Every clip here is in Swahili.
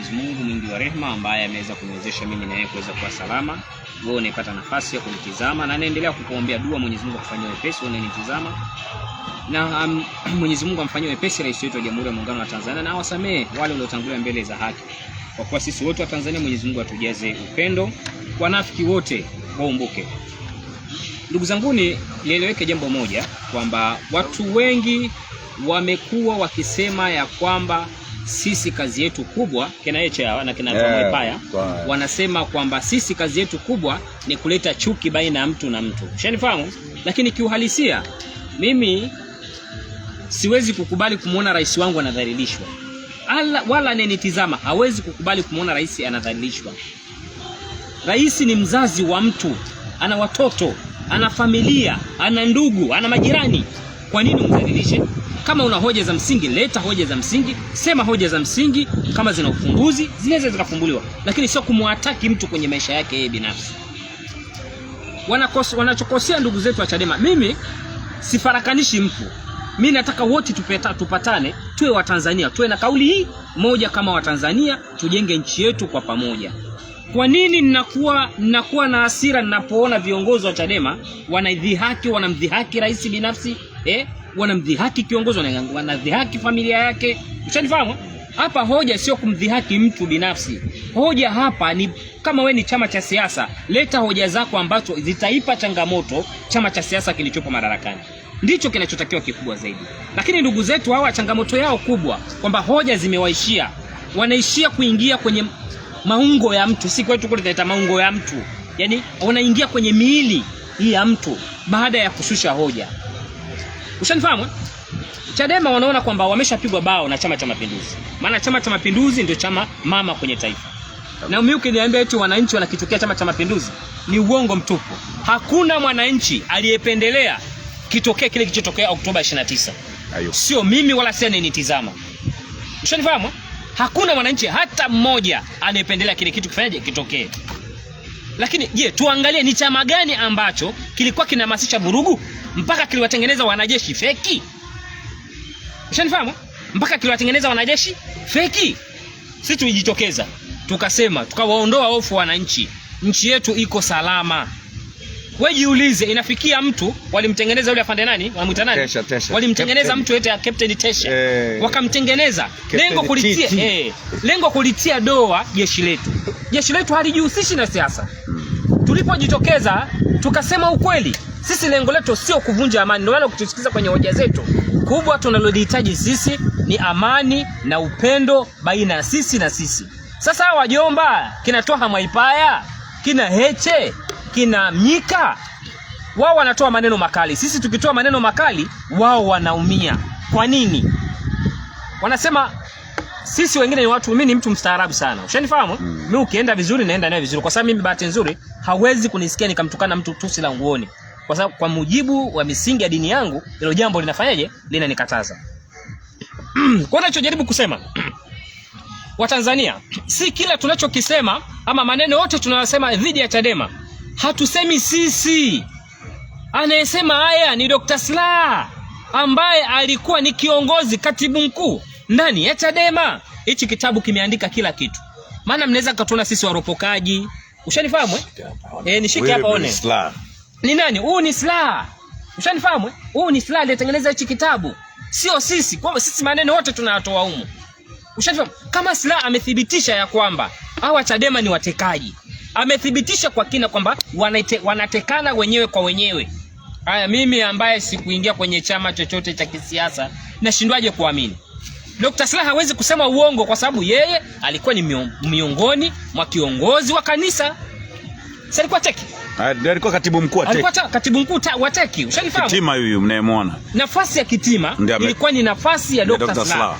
Mwenyezi Mungu mwingi wa rehema, ambaye ameweza kuniwezesha mimi na yeye kuweza kuwa salama. Wewe unaipata nafasi ya kunitizama na naendelea kukuombea dua, Mwenyezi Mungu akufanyie wepesi nitizama. na um, Mwenyezi Mungu amfanyie wepesi rais wetu wa Jamhuri ya Muungano wa Tanzania na awasamee wale waliotangulia mbele za haki, kwa kuwa sisi wote wa Tanzania, Mwenyezi Mungu atujaze upendo, nafiki wote waumbuke. Ndugu zanguni, nieleweke jambo moja kwamba watu wengi wamekuwa wakisema ya kwamba sisi kazi yetu kubwa kenaecheawa na kina yeah, wanasema kwamba sisi kazi yetu kubwa ni kuleta chuki baina ya mtu na mtu, ushanifahamu. Lakini kiuhalisia mimi siwezi kukubali kumwona rais wangu anadhalilishwa, wala anenitizama hawezi kukubali kumwona rais anadhalilishwa. Rais ni mzazi wa mtu, ana watoto, ana familia, ana ndugu, ana majirani. Kwa nini umdhalilishe? Kama una hoja za msingi, leta hoja za msingi, sema hoja za msingi. Kama zina ufunguzi, zinaweza zikafumbuliwa, lakini sio kumwataki mtu kwenye maisha yake yeye binafsi. wanachokosea ndugu zetu wa Chadema, mimi sifarakanishi mtu, mi nataka wote tupeta, tupatane tuwe Watanzania, tuwe na kauli hii moja kama Watanzania, tujenge nchi yetu kwa pamoja. Kwa nini ninakuwa ninakuwa na hasira ninapoona viongozi wa Chadema wanadhihaki, wanamdhihaki rais binafsi eh? wanamdhihaki kiongozi, wanadhihaki familia yake. Ushanifahamu? Hapa hoja sio kumdhihaki mtu binafsi. Hoja hapa ni kama we ni chama cha siasa, leta hoja zako ambazo zitaipa changamoto chama cha siasa kilichopo madarakani. Ndicho kinachotakiwa kikubwa zaidi. Lakini ndugu zetu hawa, changamoto yao kubwa kwamba hoja zimewaishia, wanaishia kuingia kwenye maungo ya mtu. Si kwetu kule tunaita maungo ya mtu, yaani wanaingia kwenye miili hii ya mtu baada ya kushusha hoja. Ushanifahamu? Eh? Chadema wanaona kwamba wameshapigwa bao na Chama cha Mapinduzi, maana Chama cha Mapinduzi ndio chama mama kwenye taifa. Na mimi ukiniambia eti wananchi wanakichukia Chama cha Mapinduzi ni uongo mtupu. Hakuna mwananchi aliyependelea kitokee kile kilichotokea Oktoba 29. Ayo. Sio mimi wala sasa nitizama. Ushanifahamu? Eh? Hakuna mwananchi hata mmoja anayependelea kile kitu kifanyaje kitokee. Lakini je, tuangalie ni chama gani ambacho kilikuwa kinahamasisha vurugu mpaka kiliwatengeneza wanajeshi feki? Ushanifahamu? Mpaka kiliwatengeneza wanajeshi feki. Sisi tulijitokeza tukasema, tukawaondoa hofu wananchi, nchi yetu iko salama. Wewe jiulize, inafikia mtu walimtengeneza yule afande nani? Wanamuita nani? Tesha, tesha. Walimtengeneza mtu yote ya Captain Tesha. hey. Eh. wakamtengeneza. Lengo kulitia, hey, eh, lengo kulitia doa jeshi letu. Jeshi letu halijihusishi na siasa tulipojitokeza tukasema ukweli, sisi lengo letu sio kuvunja amani. Ndio wale kutusikiza kwenye hoja zetu kubwa, tunalolihitaji sisi ni amani na upendo baina ya sisi na sisi. Sasa wajomba, kina Twaha Mwaipaya, kina Heche, kina Mnyika, wao wanatoa maneno makali. Sisi tukitoa maneno makali, wao wanaumia. Kwa nini? Wanasema sisi wengine ni watu, mimi ni mtu mstaarabu sana, ushanifahamu mm. Mimi ukienda vizuri naenda naye vizuri, kwa sababu mimi bahati nzuri hawezi kunisikia nikamtukana mtu tusi la nguoni, kwa sababu kwa mujibu wa misingi ya dini yangu hilo jambo linafanyaje, linanikataza kwa nachojaribu kusema Watanzania, si kila tunachokisema ama maneno yote tunayosema dhidi ya Chadema hatusemi sisi. Anayesema haya ni Dr. Slaa ambaye alikuwa ni kiongozi, katibu mkuu ndani ya Chadema. Hichi kitabu kimeandika kila kitu, maana mnaweza katuona sisi waropokaji, ushanifahamu eh? eh nishike hapa one, ni nani huu? Ni Slaa, ushanifahamu eh? Huu ni Slaa aliyetengeneza hichi kitabu, sio sisi. Kwa sisi maneno wote tunayatoa humu, ushanifahamu. Kama Slaa amethibitisha ya kwamba hawa Chadema ni watekaji, amethibitisha kwa kina kwamba wanate, wanatekana wenyewe kwa wenyewe. Haya, mimi ambaye sikuingia kwenye chama chochote cha kisiasa nashindwaje kuamini? Dr. Slaa hawezi kusema uongo kwa sababu yeye alikuwa ni miongoni mwa kiongozi wa kanisa. Sasa alikuwa teki. Ah, alikuwa katibu mkuu wa teki. Alikuwa katibu mkuu wa teki. Ushanifahamu? Kitima huyu mnayemwona. Nafasi ya Kitima ilikuwa ni nafasi ya Dr. Dr. Slaa.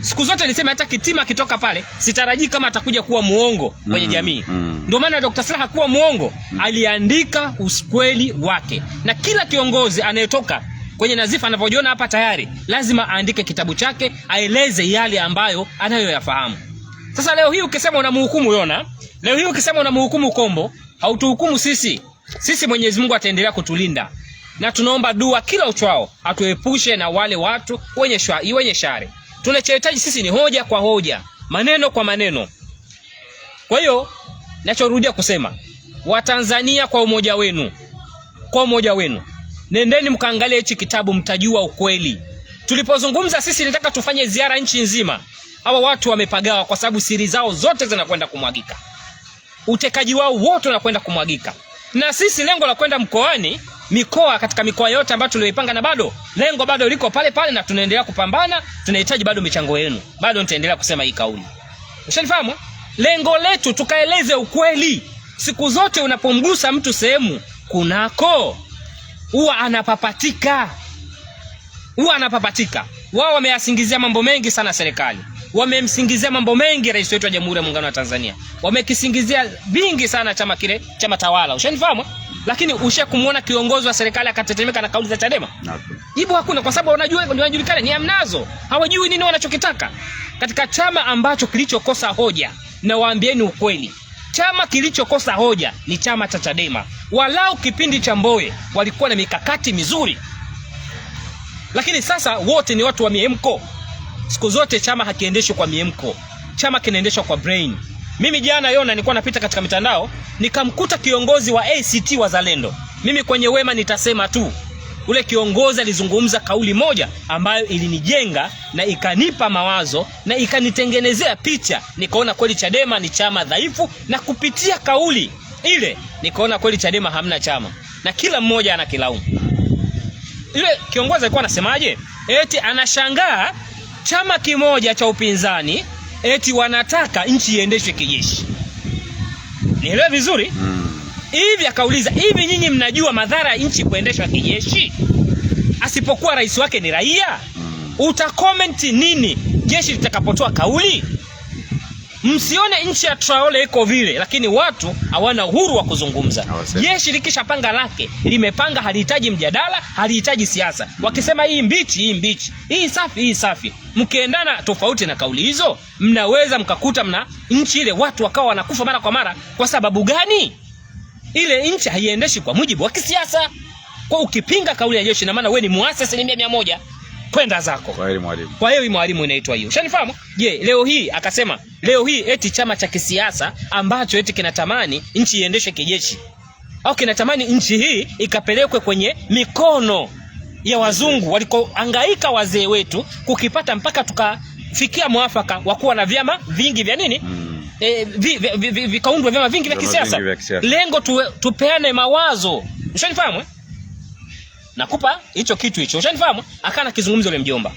Siku zote alisema hata Kitima akitoka pale sitarajii kama atakuja kuwa muongo kwenye mm, jamii. Mm, mm. Ndio maana Dr. Slaa hakuwa muongo, mm. Aliandika uskweli wake. Na kila kiongozi anayetoka kwenye nazifa anavyojiona hapa tayari, lazima aandike kitabu chake, aeleze yale ambayo anayoyafahamu. Sasa leo hii ukisema unamhukumu Yona, leo hii ukisema unamhukumu Kombo, hautuhukumu sisi. Sisi Mwenyezi Mungu ataendelea kutulinda na tunaomba dua kila uchao, atuepushe na wale watu wenye shwa, wenye shari. Tunachohitaji sisi ni hoja kwa hoja, maneno kwa maneno. Kwa hiyo nachorudia kusema, Watanzania, kwa umoja wenu, kwa umoja wenu nendeni mkaangalie hichi kitabu, mtajua ukweli. Tulipozungumza sisi nataka tufanye ziara nchi nzima, hawa watu wamepagawa, kwa sababu siri zao zote zinakwenda kumwagika, utekaji wao wote unakwenda kumwagika. Na sisi lengo la kwenda mkoani, mikoa, katika mikoa yote ambayo tulioipanga, na bado lengo bado liko pale pale, na tunaendelea kupambana, tunahitaji bado michango yenu, bado nitaendelea kusema hii kauli, ushanifahamu. Lengo letu tukaeleze ukweli siku zote, unapomgusa mtu sehemu kunako huwa anapapatika, huwa anapapatika. Wao wameyasingizia mambo mengi sana serikali, wamemsingizia mambo mengi rais wetu wa Jamhuri ya Muungano wa Tanzania, wamekisingizia vingi sana chama kile, chama tawala. Ushanifahamu? Eh? Lakini kumuona kiongozi wa serikali akatetemeka na kauli za Chadema? Jibu hakuna, kwa sababu wanajua, wanajulikana ni amnazo, hawajui nini wanachokitaka katika chama ambacho kilichokosa hoja. Na waambieni ukweli Chama kilichokosa hoja ni chama cha Chadema. Walau kipindi cha mboye walikuwa na mikakati mizuri, lakini sasa wote ni watu wa miemko. Siku zote chama hakiendeshwi kwa miemko, chama kinaendeshwa kwa brain. Mimi jana Yona, nilikuwa napita katika mitandao nikamkuta kiongozi wa ACT Wazalendo. Mimi kwenye Wema nitasema tu Ule kiongozi alizungumza kauli moja ambayo ilinijenga na ikanipa mawazo na ikanitengenezea picha, nikaona kweli Chadema ni chama dhaifu, na kupitia kauli ile nikaona kweli Chadema hamna chama na kila mmoja anakilaumu. Ile kiongozi alikuwa anasemaje? Eti anashangaa chama kimoja cha upinzani eti wanataka nchi iendeshwe kijeshi. Nielewe vizuri. Mm hivi, akauliza hivi, nyinyi mnajua madhara ya nchi kuendeshwa kijeshi asipokuwa rais wake ni raia? Mm. uta comment nini jeshi litakapotoa kauli? Msione nchi ya Traore iko vile, lakini watu hawana uhuru wa kuzungumza. Jeshi likishapanga lake limepanga, halihitaji mjadala, halihitaji siasa. Mm. Wakisema hii mbichi, hii mbichi, hii safi, hii safi, mkiendana tofauti na kauli hizo, mnaweza mkakuta mna nchi ile watu wakawa wanakufa mara kwa mara. Kwa sababu gani? ile nchi haiendeshi kwa mujibu wa kisiasa. Kwa ukipinga kauli ya jeshi, na maana wewe ni muasi asilimia mia moja. Kwenda zako kwa hiyo mwalimu inaitwa hiyo, ushanifahamu? Je, leo hii akasema leo hii eti chama cha kisiasa ambacho eti kinatamani nchi iendeshe kijeshi au kinatamani nchi hii ikapelekwe kwenye mikono ya wazungu walikoangaika wazee wetu kukipata mpaka tukafikia mwafaka wa kuwa na vyama vingi vya nini mm e, eh, vikaundwe vyama vingi vya kisiasa, lengo tu, tupeane mawazo. Ushanifahamu eh? Nakupa hicho kitu hicho, ushanifahamu. Akana kizungumza yule mjomba,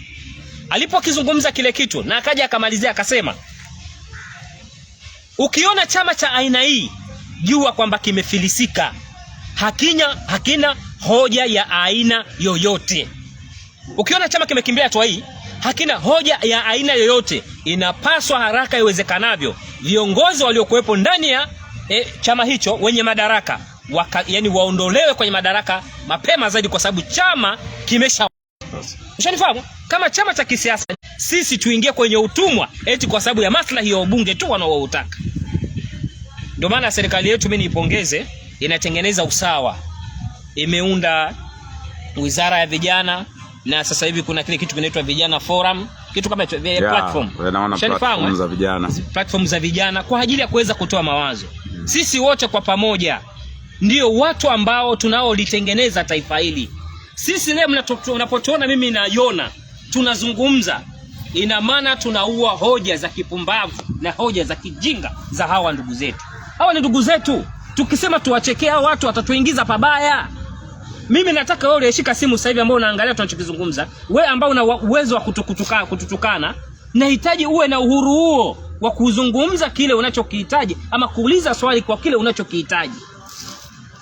alipokizungumza kile kitu na akaja akamalizia akasema, ukiona chama cha aina hii jua kwamba kimefilisika, hakina, hakina hoja ya aina yoyote. Ukiona chama kimekimbia hatua hii, hakina hoja ya aina yoyote, inapaswa haraka iwezekanavyo viongozi waliokuwepo ndani ya e, chama hicho wenye madaraka waka, yani waondolewe kwenye madaraka mapema zaidi, kwa sababu chama kimesha Ushanifahamu? Kama chama cha kisiasa sisi tuingie kwenye utumwa eti kwa sababu ya maslahi ya wabunge tu wanaoutaka. Ndio maana serikali yetu mimi niipongeze, inatengeneza usawa, imeunda wizara ya vijana na sasa hivi kuna kile kitu kinaitwa vijana forum kitu kama hicho yeah, platform platform za vijana, platform za vijana kwa ajili ya kuweza kutoa mawazo mm. Sisi wote kwa pamoja ndio watu ambao tunaolitengeneza taifa hili. Sisi leo unapotuona mimi na Yona tunazungumza, ina maana tunaua hoja za kipumbavu na hoja za kijinga za hawa ndugu zetu. Hawa ni ndugu zetu, tukisema tuwachekea watu watatuingiza pabaya. Mimi nataka wewe uliyeshika simu sasa hivi ambao unaangalia tunachokizungumza, wewe ambao una uwezo wa kutukutukana, kututukana, nahitaji uwe na uhuru huo wa kuzungumza kile unachokihitaji ama kuuliza swali kwa kile unachokihitaji.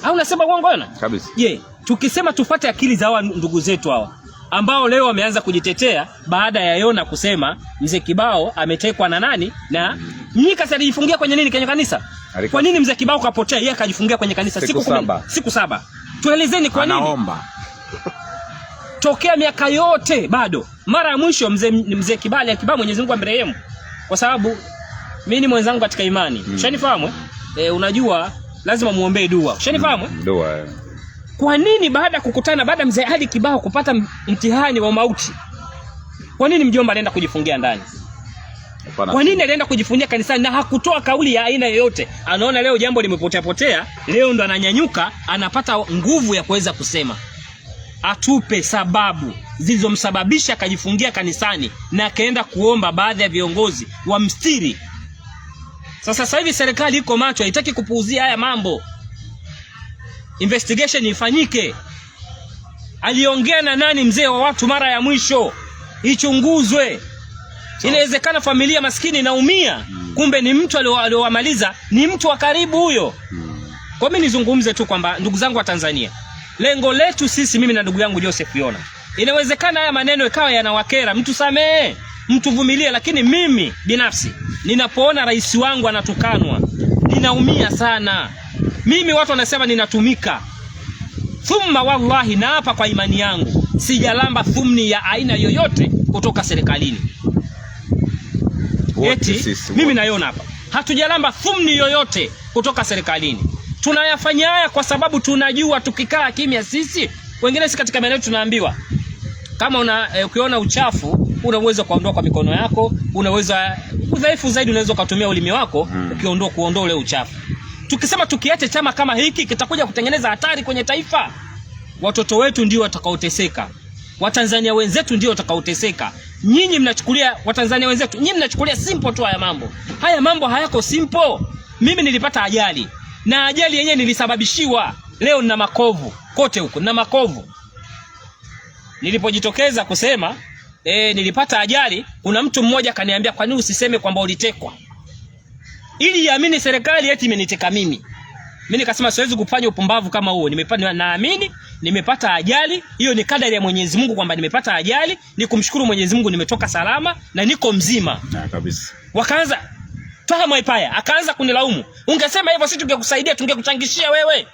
Au unasema uongo wewe? Kabisa. Je, yeah, tukisema tufate akili za hawa ndugu zetu hawa ambao leo wameanza kujitetea baada ya Yona kusema mzee Kibao ametekwa na nani na Mnyika alijifungia kwenye nini kwenye kanisa? Kwa nini mzee Kibao kapotea yeye akajifungia kwenye kanisa siku siku saba. Siku saba tuelezeni kwa nini anaomba tokea miaka yote bado. Mara ya mwisho mzee mzee Kibali akibaa, Mwenyezi Mungu amrehemu, kwa sababu mimi ni mwenzangu katika imani mm. Ushanifahamu eh? Unajua lazima muombee dua, ushanifahamu mm. Dua eh. Kwa nini baada ya kukutana, baada mzee Ali Kibao kupata mtihani wa mauti, kwa nini mjomba alienda kujifungia ndani? Kwa nini alienda kujifungia kanisani na hakutoa kauli ya aina yoyote? Anaona leo jambo limepotea potea, leo ndo ananyanyuka, anapata nguvu ya kuweza kusema. Atupe sababu zilizomsababisha akajifungia kanisani na akaenda kuomba baadhi ya viongozi mstiri. Sasa sasa hivi serikali iko macho, haitaki kupuuzia haya mambo. Investigation ifanyike. Aliongea na nani mzee wa watu mara ya mwisho? Ichunguzwe. Inawezekana familia maskini inaumia mm. kumbe ni mtu aliowamaliza, ni mtu wa karibu huyo mm. Kwa mimi nizungumze tu kwamba ndugu zangu wa Tanzania, lengo letu sisi, mimi na ndugu yangu Joseph Yona, inawezekana haya maneno ikawa yanawakera mtu, samee, mtu, vumilie, lakini mimi binafsi ninapoona rais wangu anatukanwa ninaumia sana. Mimi watu wanasema ninatumika, thumma wallahi, naapa kwa imani yangu sijalamba thumni ya aina yoyote kutoka serikalini eti mimi naiona hapa, hatujalamba thumni yoyote kutoka serikalini. Tunayafanya haya kwa sababu tunajua tukikaa kimya sisi wengine, si katika maeneo tunaambiwa kama una, e, ukiona uchafu uwezo kuondoa kwa mikono yako, unaweza udhaifu zaidi, unaweza ukatumia ulimi wako hmm, ukiondoa kuondoa ule uchafu. Tukisema tukiache chama kama hiki kitakuja kutengeneza hatari kwenye taifa, watoto wetu ndio watakaoteseka. Watanzania wenzetu ndio watakaoteseka. Nyinyi mnachukulia Watanzania wenzetu, nyinyi mnachukulia simple tu haya mambo. Haya mambo hayako simple. Mimi nilipata ajali na ajali yenyewe nilisababishiwa. Leo nina makovu kote huko, nina makovu. Nilipojitokeza kusema e, nilipata ajali, kuna mtu mmoja kaniambia, kwa nini usiseme kwamba ulitekwa, ili iamini serikali eti imeniteka mimi. Mimi nikasema siwezi kufanya upumbavu kama huo. Nimepata naamini, nimepata ajali, hiyo ni kadari ya Mwenyezi Mungu kwamba nimepata ajali, ni kumshukuru Mwenyezi Mungu nimetoka salama na niko mzima. Na kabisa. Wakaanza toa maipaya, akaanza kunilaumu. Ungesema hivyo sisi tungekusaidia, tungekuchangishia wewe.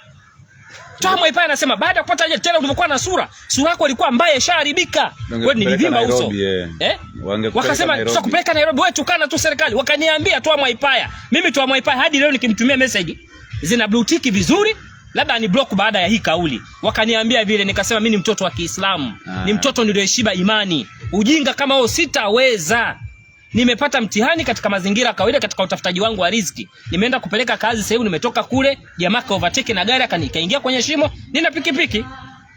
Toa maipaya anasema baada ya kupata ajali tena ulivyokuwa na sura, sura yako ilikuwa mbaya isharibika. Wewe nilivimba uso. Yeah. Eh? eh? Wakasema tutakupeleka Nairobi, wewe tukana tu serikali. Wakaniambia toa maipaya. Mimi toa maipaya hadi leo nikimtumia message zina blue tick vizuri labda ni block baada ya hii kauli. Wakaniambia vile, nikasema mimi ni mtoto wa Kiislamu, ni ah. mtoto niliyoishiba imani. Ujinga kama huo sitaweza. Nimepata mtihani katika mazingira ya kawaida, katika utafutaji wangu wa riziki. Nimeenda kupeleka kazi sehemu, nimetoka kule jamaa ka overtake na gari akaingia kwenye shimo, nina pikipiki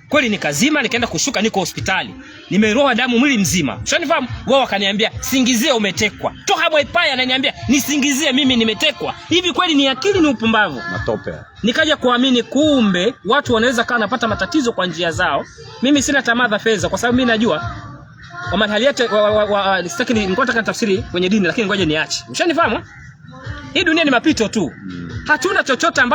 Kweli nikazima, nikaenda kushuka, niko hospitali, nimeroa damu mwili mzima, ushanifahamu. Wao wakaniambia singizie, umetekwa. Toka Mwaipaya ananiambia nisingizie mimi nimetekwa. Hivi kweli ni akili ni upumbavu? Matope. Nikaja kuamini kumbe watu wanaweza kaa napata matatizo kwa njia zao. Mimi sina tamaa za fedha, kwa sababu mimi najua kwa mahali yote sitaki, nilikuwa nataka tafsiri kwenye dini, lakini ngoja niache, ushanifahamu. Hii dunia ni mapito tu, mm. hatuna chochote ambacho